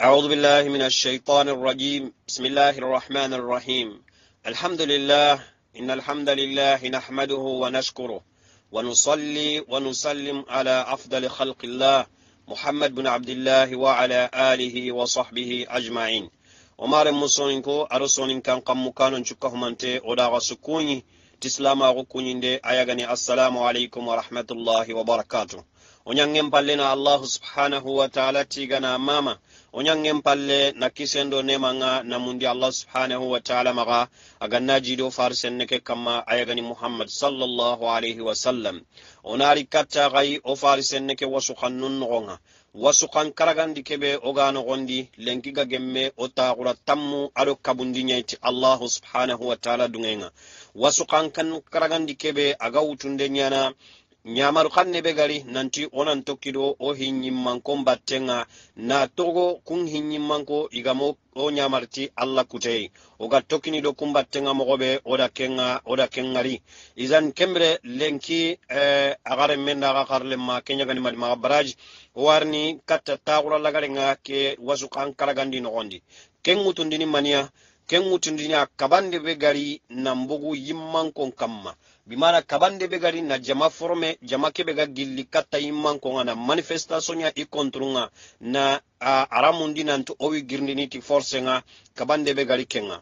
أعوذ بالله من الشيطان الرجيم بسم الله الرحمن الرحيم الحمد لله إن الحمد لله نحمده ونشكره ونصلي ونسلم على أفضل خلق الله محمد بن عبد الله وعلى آله وصحبه أجمعين ومار مسونكو أرسونين كان قم مكان شكهمنتي ولا سكوني تسلاما غكوني دي أيغني السلام عليكم ورحمة الله وبركاته o ñangen palle no allahu subhanahu wa taala tigana mama o ñangen palle na kisendo nemanga namundi allah subhanahu wa taala maga agan najiido far senne ke kamma ayagani muhammad sallllahu alayhi wasallam o naari katta xay o fari senne ke wasukan nun noxonga wasukan karagandi keɓe oga noxondi lenkiga gemme o taxura tammu aɗo kabundi ñayti allahu subhanahu wa taala dungenga wasukan kan karagandi keɓe aga wutunde ñana ñamaru xan ne be gari nanti wonan tokkido wo hinñimmankon battenga na togo kun hinñimmanko igamo o ñamarti allah kutey oga tokkinido kun battenga mogoɓe oda kenga oda kengari isan kembre lenki eh, agaren men daga xarlenma keñagani madi maxa baraj warni katta taxura lagarenga ke wasu xan karagandi noxondi ken ŋutundini maniya ken kabande be gari nambugu yimmankon kamma bimana kabande be gari na jama forme jama kebe ga gilli katta yimmankon ana manifestation i kontrunga na uh, aramundi nanti owi girndiniti force nga kabande be gari kenga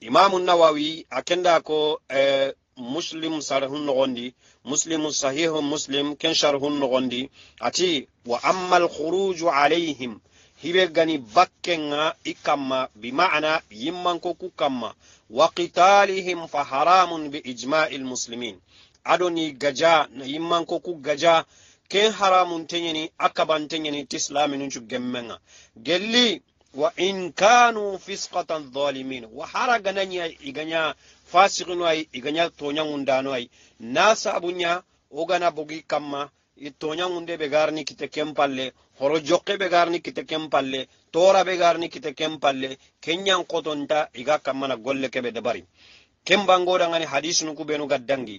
imamu nawawi akenda ko eh, muslim sarhun nogondi muslim sahihu muslim ken sharhun nogondi ati wa amma alkhuruju alayhim hibe gani bakkenga ikamma bi ma'ana yimmanko ku kamma wa qitalihim fa haramun bi ijma'i musulmin adoni gaja na yimmanko ku gaja ken haramun tenyeni akabantenyeni tislaminuncu gemmenga gelli wa in kanu fisqatan zalimin wa hara gananya iganya fasikinu ay iganya tonyangundano ay na ogana bugi kamma toñagunde ɓe garni kite ken palle horo jokke ɓe garni kite ken palle tora ɓe garni kite ken palle kenyan kotonta iga kammana golle keɓe dabari ken bangoɗangani hadisunu kuɓenu gaddangi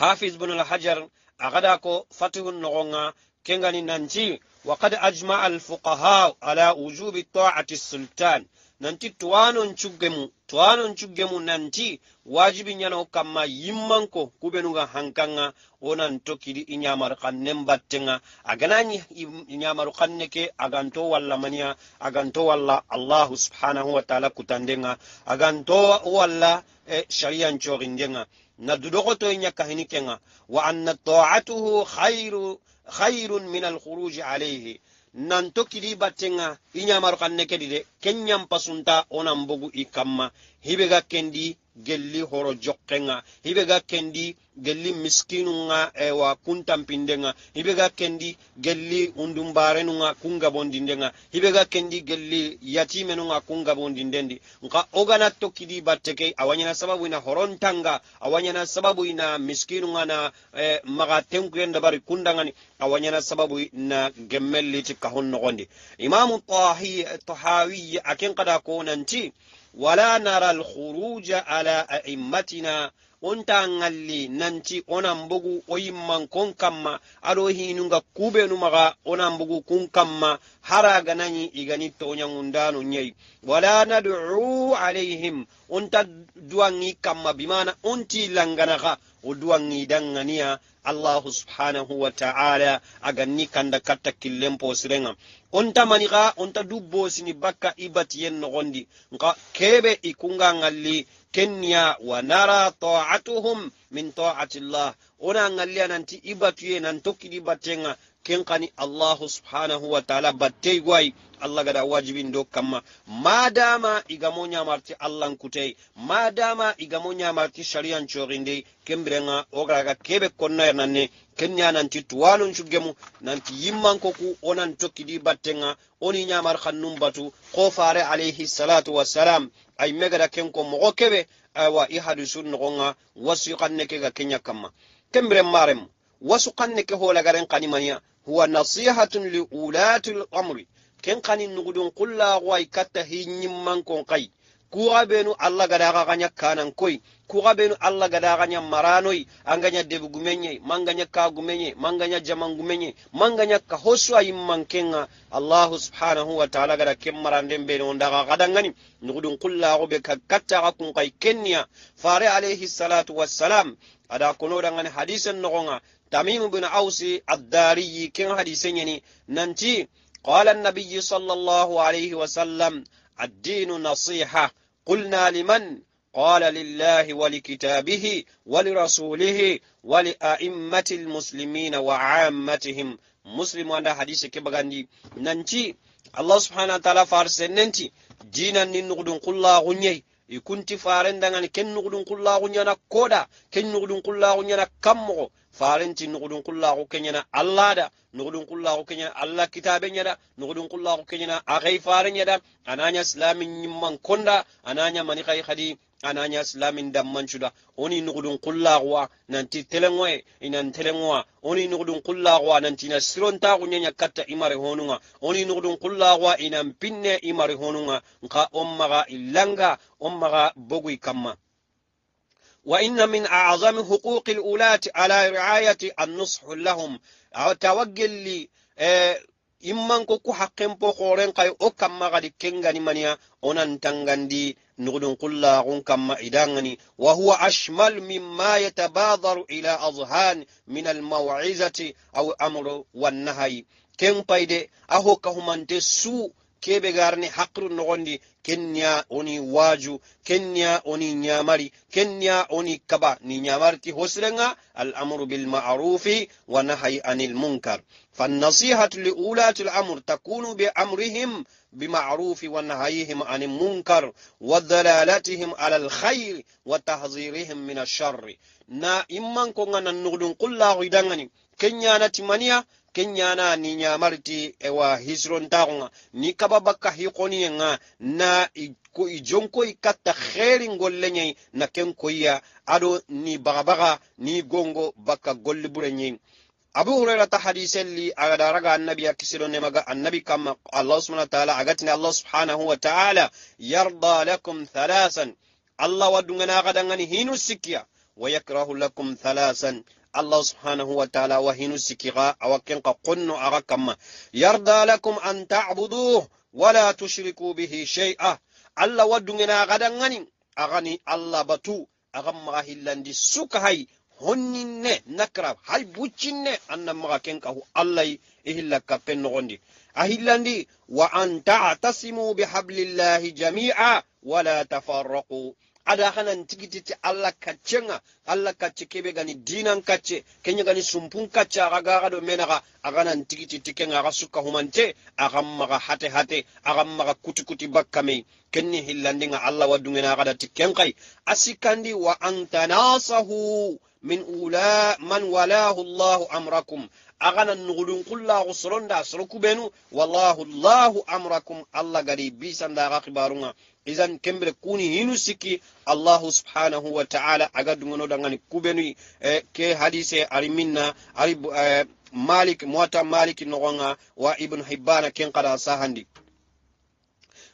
hafiz bunul hajar agada ko fatihun nogonga kengani nanti وقد أجمع الفقهاء على وجوب طاعة sultan. nanti towanon cuggemu towanon cuggemu nanti wajibi ñana o kamma yimmanko kuɓenuga hankanga onan tokkiɗi i ñamaru kannen battenga aganañi ñamaru kanne ke aganto walla maniya aganto walla allahu subhanahu wa taala kutandenga aganto walla e eh, shariyan corindenga na duɗogoto e ñakkahini wa anna taatuhu khairu khairun min alhuruji alayhi nanto kili battenga i ñamaro kan ne kedi de ken ñampasunta onan bogu i kamma hibe ga kendi gelli horo joqenga hibe ga kendi gelli nga ewa eh, kuntan pindenga. ibega kendi gelli undumbarenunga kungabondindenga hibe ibega kendi gelli yatimenunga kungabondindendi nka ogana tokidi batteke awanyana sababu ina horontanga awanyana sababu ina nga na eh, maga tenkuyenda bari kundangani awanyana sababu na gemmelliti kahon nogondi imamu tahi tahawi aken kada ko nanti wala nara alkhuruja ala aimmatina onta ngalli nanti onan bugu o yimman kon kamma aɗo hinunga kuɓenu maga onan bugu kun kamma hara ganani igani toñagundano yayi wala nad'u alayhim onta duwangi kamma bimana onti langanaka o duwangi danganiya allahu subhanahu wa ta'ala aganni kanda katta killen posirenga onta maniga onta dubbosini bakka ibatiyen nogondi nka kebe ikunga ngalli kenya wa nara ta'atuhum min ta'ati llah ona ngalliya nanti i batuye nan di battenga ken kani allahu subhanahu wa taala battey goyi allah gada wajibin do kamma madama igamo ñamarti kutai madama igamo ñamarti shariyan corindeyi kembirenga ogaraga kebe konnayer nanne kenya nanti tuwalun cuggemu nanti yimmankoku onan tokkiɗi battenga oni ñamar hannum batu ko fare alayhi salatu wassalam ay megada ken ko mɔgɔ kebe aywa i hadisu nogonga wasu kanne ke ga kenya kamma kembere marem wasu kanne ke hola garen kani manya huwa nasihatun li ulati al-amri ken kani nugudun kulla wa ikatta hinyin man kon kai kuxa benu allah gadaxa xaɲa kanan koy kuxa benu allah gada xaɲa maranoy angaɲa debu gumenɲe mangaɲa ka gumenɲe mangaɲa jaman gumenɲe mangaɲa ka hosu a kenga. allahu subhanahu wa taala gada ken maranden bene ondaxa xadangani nugudun qullaxu be ka kattaxa kunxay kenniya fare alayhi salatu wassalam ada konoɗangani hadisen noxonga tamimu bin awsi addariyi ken hadise ɲeni nanti qala annabiyi sallallahu alayhi sallam. الدين نصيحة قلنا لمن قال لله ولكتابه ولرسوله ولأئمة المسلمين وعامتهم مسلم وانا حديث كبغاندي ننتي الله سبحانه وتعالى فارس ننتي دينا ننقدن قل الله غنيه ikunti كن dangan قل الله غنيه نكودا كن ken قل الله غنيه kammogo farinti ku kullaku kenyana allah da nugudun kullaku kenya allah kitaben yada ku kullaku kenyana akai farin yada ananya islamin man konda ananya mani kai hadi ananya islamin damman chuda oni nugudun ina nanti telengwe inan telengwa oni nugudun nan ti na sironta kunyanya katta imari honunga oni ku kullaku inan pinne imari honunga nka ommaga ilanga ommaga bogui kamma وإن من أعظم حقوق الولاة على رعاية النصح لهم أو توجل imman ko ku hakken po horen kay o kamma gadi kengani maniya onan tangandi nugudun kulla kun kamma idangani wa huwa ashmal mimma yatabadaru ila azhan min al maw'izati aw amru wan nahyi ken payde aho kahumante su kebe garni hakru nogondi kenya oni waju kenya oni nyamari kenya oni kaba ni nyamarti hosrenga بالمعروف bil ma'rufi wa nahyi anil munkar فالنصيحة لأولاة الأمر تكون بأمرهم بمعروف ونهيهم عن المنكر ودلالتهم على الخير وتحذيرهم من الشر نا إمان كنا نغلن قل لا غدنني Kenya timania kenya na ni nyamarti ewa hisrontaxunga ni hikoni nga na ko ijonkoyi katta golle ngolleñayi na ken koyiya ado ni bagabaga ni gongo bakka golli burenñi abu hurairata hadiselli agadaraga annabi kisiro ne maga annabi kama allah subhanahu wa taala agatini allah subhanahu wa taala yarda lakum thalasan allah waddungana dangani hinu sikkiya wa yakrahu lakum thalasan الله سبحانه وتعالى وهينو سكيغا أو كنقا قنو أغاكما يرضى لكم أن تعبدوه ولا تشركوا به شيئا الله ودنا غدا غني أغني الله بتو أغمغا هلان دي سكهي هنين نكرب هاي بوچين أن مغا كنقه الله إهلا كاكن نغندي أهلان دي وأن تعتصموا بحبل الله جميعا ولا تفرقوا ada hanan tigititi allah kaccenga allah kacce kebe gani dinan kacce kenya gani sumpun kacce aga gaga ɗo menaga aganan tigititi kenga aga sukka humante agan maga hate hate agan maga kuti kuti bakka mei kenni hillandinga allah waddugena agada tikken kay asikandi wa anta nasahu min ula man walahu llahu amrakum agana nugulun kullahu suruku benu wallahu llahu amrakum allah gadi bisanda aga kibarunga izan kembere kuni hinu siki allahu subhanahu wa ta'ala aga dungonoda ngani kubenu eh, ke hadise ari minna ari eh, malik muwata malik nogonga wa ibn hibbana ken kada sahandi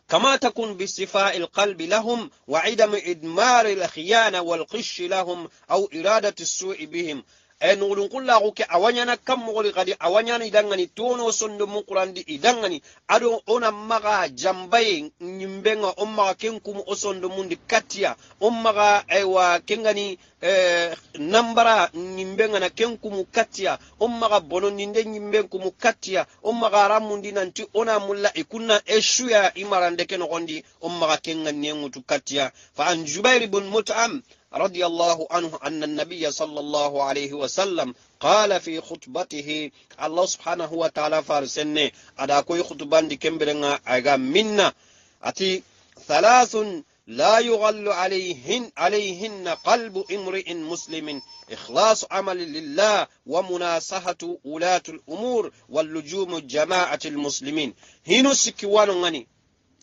كما تكون باستفاء القلب لهم وعدم إدمار الخيانة والقش لهم أو إرادة السوء بهم e eh, nugulun kullaku ke awanyana kammogoli kadi awanyana idangani tono sondo mu qurandi idangani ado ona maga jambaye nyimbenga on maga kenkumu o sondo mundi kattiya on maga aywa eh, kengani eh, nambara nyimbenga na kenkumu kattiya on maga bonondinde nyimbenkumu kattiya on maga ramundi nanti ona mulla ikunna eshuya imarande ke nogondi on maga kenga nengutu katiya fa an jubair bun mutam رضي الله عنه أن النبي صلى الله عليه وسلم قال في خطبته الله سبحانه وتعالى فارسني أدا كوي خطبان دي كمبرنا أغا منا أتي ثلاث لا يغل عليهن عليهن قلب امرئ مسلم إخلاص عمل لله ومناصحة ولاة الأمور واللجوم جماعة المسلمين هنا سكوان غني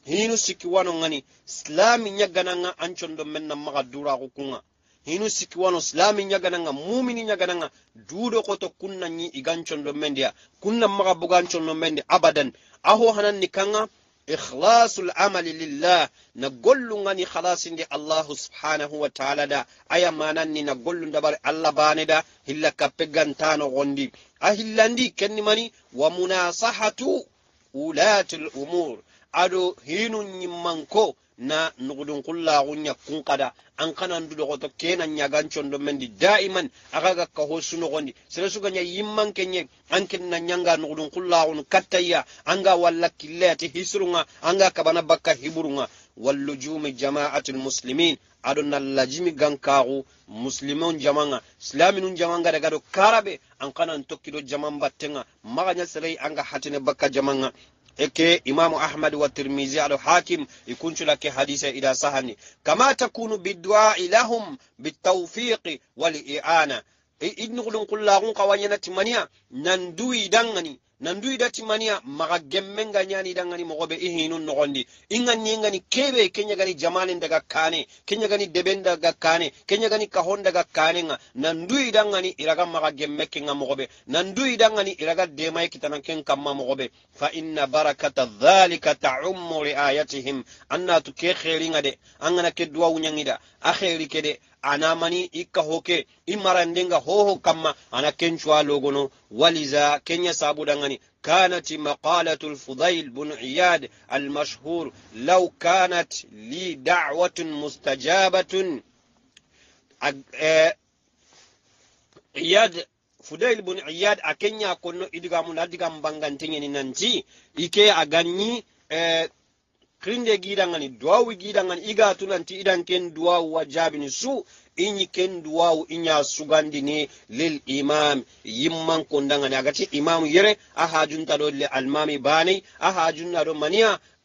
hinu sikiwano ngani silami ñagananga ancondo men na maga dura kunga hinu sikiwano silami nyagananga mumini nyagananga. duɗo koto kunna ñi igancondo mendiya kunna maga bugancondo mendi abadan aho hananni kanga ikhlasul amali lillah na gollungani halasindi Allah subhanahu wa taala da aya mananni na gollundabari allah bane da hilla kappe gantano gondi a hillandi kennimani wa munasahatu ulati umur ado hinu nyimmanko na nugudun kullaxu ɲakkun kada an kanan dudoxoto kena ɲagancondo mendi daiman axa ga kaho sunoxondi seresuga ɲa yimman kenɲe an kenna ɲanga nugudun kullaxun kattaya an walla killeyati hisirunga an kabana bakka hiburunga wallujumi jama'atul muslimin aɗo nallajimi gankaku muslimeon jamanga silaminun jamanga daga ɗo karaɓe an kanan tokkiɗo jaman battenga maga ɲa serei hatine bakka jamanga eke imamu ahmad wa tirmizi aɗo hakim e kunculake hadisa ila sahani kama takunu bidu'ai lahum bitawfiqi wal i'ana E, idnugulun kullagun kawanyana timaniya nandui e dangani nandu ida e timaniya maga gemmenga nyani dangani mogobe ihinu nogondi ingani ingani kebe kenya gani jamane daga kane kenya gani deben daga kane kenya gani kahon daga kane nga nandu ida iraga maga gemme kenga mogobe nandu ida iraga demay kitana ken kamma mogobe fa inna barakata dhalika ta'ummu riayatihim anna tuke khairinga de angana ke unyangida akhiri kede anamani ikka hoke imarandenga hoho kamma ana kenchwa logono waliza kenya sabudangani كانت مقالة الفضيل بن عياد المشهور لو كانت لي دعوة مستجابة عياد فضيل بن عياد أكنيا كنو إدغام لدغام بانغانتين ننتي إكي أغني kirinde giɗangani duwawu giɗangani iga tunanti idan ken duwawu wa jaabini su inyi ken duwawu inya sugandini lil imam yimman kondangani agati imamu yere a hajunta le almami bani a junta ɗo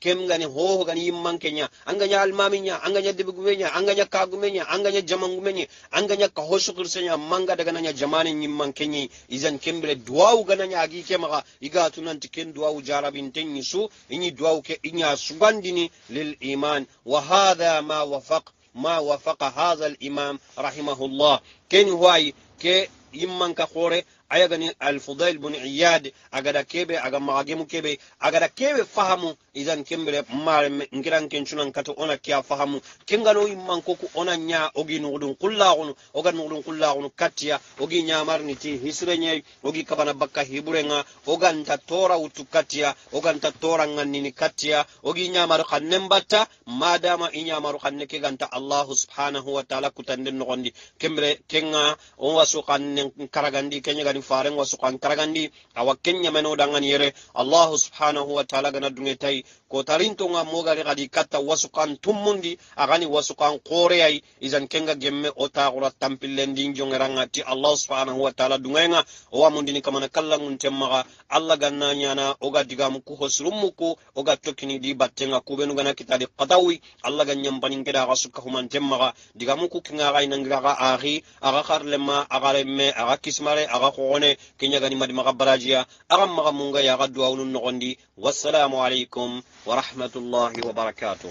kem gani hoho gani yimman kenya anga nya almami nya anga nya dibgume nya anga nya kagume nya anga nya jamangume nya anga nya kaho shukr manga daga nya jamanin yimman kenya izan kembele duwau gana nya agi kemaga iga tunan tiken duwau jarabin tenyi su inyi duwau ke inya sugandini lil iman wa hadha ma wafaq ma wafaqa hadha al imam rahimahullah ken huwai ke yimman ka khore ayagani al fudail bin iyad agada kebe aga magemu kebe agada kebe fahamu izan kembere mare ngiran kencunan kato ona kia fahamu kengano imman koku ona nya ogi nudun kullagunu oga nudun kullagunu katia ogi nyamarni ti hisre nyai ogi kabana bakka hiburenga oga nta tora utu katia oga nta tora ngannini katiya ogi nyamaru kannen batta madama i nyamaru kanne ke ganta allah subhanahu wa ta'ala kutandin nogondi kembere kenga on wasu kannen karagandi kenya gani faren wasu kan karagandi awa kenya meno yere allah subhanahu wa ta'ala gana dungetai kotarintonga mogari gadi katta wasukan tummundi agani wasukan qoreyai izan kenga gemme otaxura tampillendin jongeranga ti allah subhanahu wa taala dungayenga owamundini kamana kallangun temmaxa allah ganna ñana oga diga muku hosurummu ku oga tokkini di battenga kubenugana kitadi qatawi allah ga ñampaninkeɗa axa sukka humantemmaxa diga muku kinga axay nangiraxa axi axa xarlema axa remme axa kismare axa xoxone keñagani madimaxa barajiya axa maxa mungayi axa duwawunu noxondi wassalamu alaikum. ورحمة الله وبركاته